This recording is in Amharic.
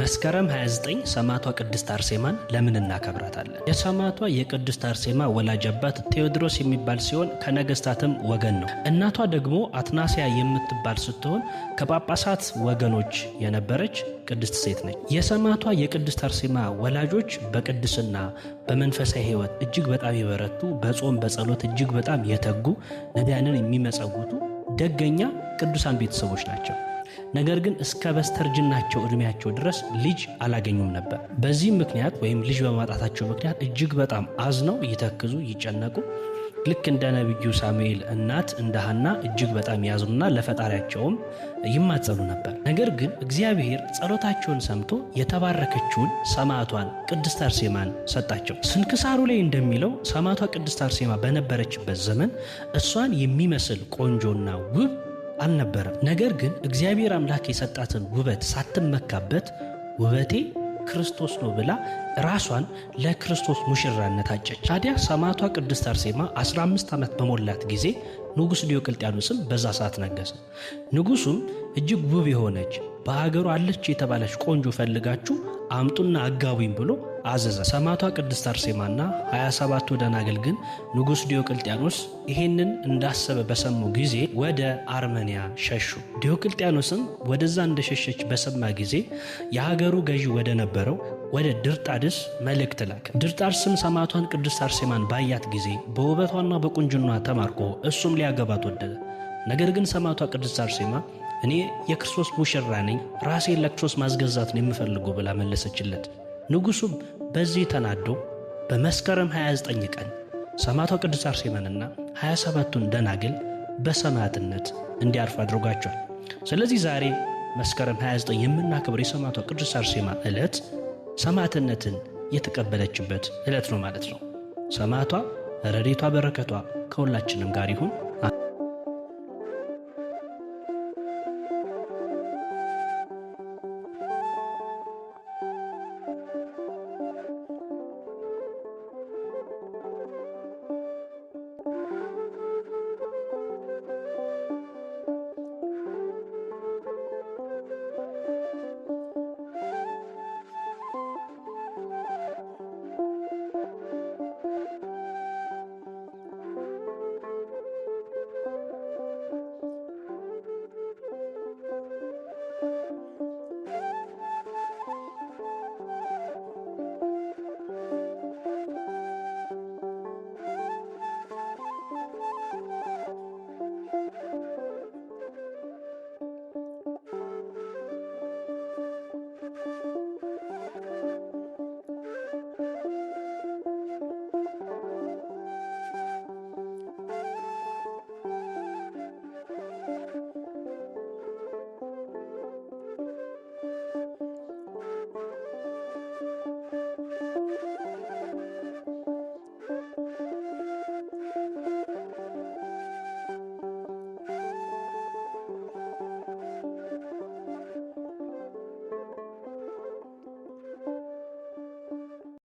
መስከረም 29 ሰማዕቷ ቅድስት አርሴማን ለምን እናከብራታለን? የሰማዕቷ የቅድስት አርሴማ ወላጅ አባት ቴዎድሮስ የሚባል ሲሆን ከነገስታትም ወገን ነው። እናቷ ደግሞ አትናሲያ የምትባል ስትሆን ከጳጳሳት ወገኖች የነበረች ቅድስት ሴት ነች። የሰማዕቷ የቅድስት አርሴማ ወላጆች በቅድስና በመንፈሳዊ ሕይወት እጅግ በጣም የበረቱ፣ በጾም በጸሎት እጅግ በጣም የተጉ፣ ነዳያንን የሚመጸውቱ ደገኛ ቅዱሳን ቤተሰቦች ናቸው። ነገር ግን እስከ በስተርጅናቸው እድሜያቸው ድረስ ልጅ አላገኙም ነበር። በዚህም ምክንያት ወይም ልጅ በማጣታቸው ምክንያት እጅግ በጣም አዝነው ይተክዙ፣ ይጨነቁ ልክ እንደ ነቢዩ ሳሙኤል እናት እንደ ሐና እጅግ በጣም ያዝኑና ለፈጣሪያቸውም ይማጸኑ ነበር። ነገር ግን እግዚአብሔር ጸሎታቸውን ሰምቶ የተባረከችውን ሰማዕቷን ቅድስት አርሴማን ሰጣቸው። ስንክሳሩ ላይ እንደሚለው ሰማዕቷ ቅድስት አርሴማ በነበረችበት ዘመን እሷን የሚመስል ቆንጆና ውብ አልነበረም። ነገር ግን እግዚአብሔር አምላክ የሰጣትን ውበት ሳትመካበት ውበቴ ክርስቶስ ነው ብላ ራሷን ለክርስቶስ ሙሽራነት አጨች። ታዲያ ሰማዕቷ ቅድስት አርሴማ 15 ዓመት በሞላት ጊዜ ንጉሥ ዲዮቅልጥያኖስም በዛ ሰዓት ነገሰ። ንጉሱም እጅግ ውብ የሆነች በሀገሩ አለች የተባለች ቆንጆ ፈልጋችሁ አምጡና አጋቡኝ ብሎ አዘዘ። ሰማዕቷ ቅድስት አርሴማና 27ቱ ደናግል ግን ንጉሥ ዲዮቅልጥያኖስ ይሄንን እንዳሰበ በሰሙ ጊዜ ወደ አርመንያ ሸሹ። ዲዮቅልጥያኖስም ወደዛ እንደሸሸች በሰማ ጊዜ የሀገሩ ገዢ ወደ ነበረው ወደ ድርጣድስ መልእክት ላከ። ድርጣድስም ሰማዕቷን ቅድስት አርሴማን ባያት ጊዜ በውበቷና በቁንጅኗ ተማርኮ እሱም ሊያገባት ወደደ። ነገር ግን ሰማዕቷ ቅድስት አርሴማ እኔ የክርስቶስ ሙሽራ ነኝ፣ ራሴን ለክርስቶስ ማስገዛት ነው የምፈልገው ብላ መለሰችለት። ንጉሡም በዚህ ተናዶ በመስከረም 29 ቀን ሰማዕቷ ቅድስት አርሴማንና 27ቱን ደናግል በሰማዕትነት እንዲያርፍ አድርጓቸዋል። ስለዚህ ዛሬ መስከረም 29 የምናከብር የሰማዕቷ ቅድስት አርሴማ ዕለት ሰማዕትነትን የተቀበለችበት ዕለት ነው ማለት ነው። ሰማዕቷ ረዴቷ በረከቷ ከሁላችንም ጋር ይሁን።